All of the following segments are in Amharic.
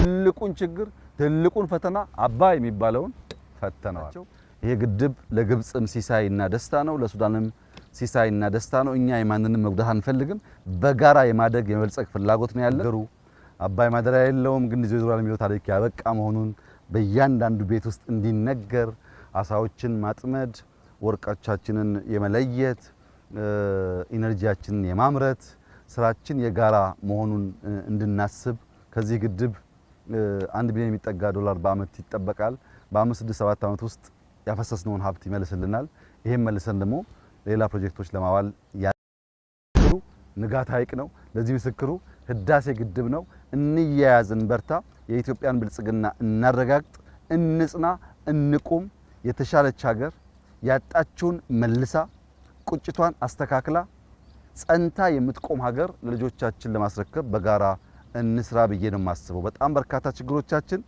ትልቁን ችግር ትልቁን ፈተና አባይ የሚባለውን ፈተናቸው። ይሄ ግድብ ለግብፅም ሲሳይና ደስታ ነው፣ ለሱዳንም ሲሳይና ደስታ ነው። እኛ የማንንም መጉዳት አንፈልግም። በጋራ የማደግ የመበልጸግ ፍላጎት ነው ያለን። አባይ ማደሪያ የለውም ግን ይዞ ይዞራል የሚለው ታሪክ ያበቃ መሆኑን በእያንዳንዱ ቤት ውስጥ እንዲነገር አሳዎችን ማጥመድ፣ ወርቃቻችንን የመለየት ኢነርጂያችንን የማምረት ስራችን የጋራ መሆኑን እንድናስብ ከዚህ ግድብ አንድ ቢሊዮን የሚጠጋ ዶላር በአመት ይጠበቃል። በአምስት ስድስት ሰባት ዓመት ውስጥ ያፈሰስነውን ሀብት ይመልስልናል። ይህም መልሰን ደግሞ ሌላ ፕሮጀክቶች ለማዋል ያሉ ንጋት ሀይቅ ነው። ለዚህ ምስክሩ ህዳሴ ግድብ ነው። እንያያዝን፣ በርታ፣ የኢትዮጵያን ብልጽግና እናረጋግጥ፣ እንጽና፣ እንቁም። የተሻለች ሀገር ያጣችውን መልሳ ቁጭቷን አስተካክላ ጸንታ የምትቆም ሀገር ለልጆቻችን ለማስረከብ በጋራ እንስራ ብዬ ነው የማስበው። በጣም በርካታ ችግሮቻችን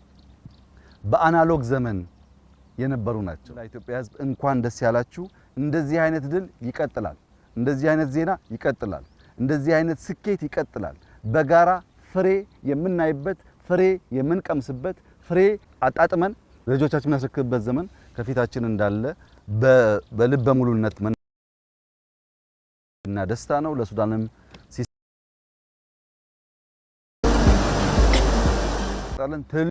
በአናሎግ ዘመን የነበሩ ናቸው። ለኢትዮጵያ ሕዝብ እንኳን ደስ ያላችሁ። እንደዚህ አይነት ድል ይቀጥላል። እንደዚህ አይነት ዜና ይቀጥላል። እንደዚህ አይነት ስኬት ይቀጥላል። በጋራ ፍሬ የምናይበት፣ ፍሬ የምንቀምስበት፣ ፍሬ አጣጥመን ለልጆቻችን የምናስረክብበት ዘመን ከፊታችን እንዳለ በልበ ሙሉነት እና ደስታ ነው ለሱዳንም Salın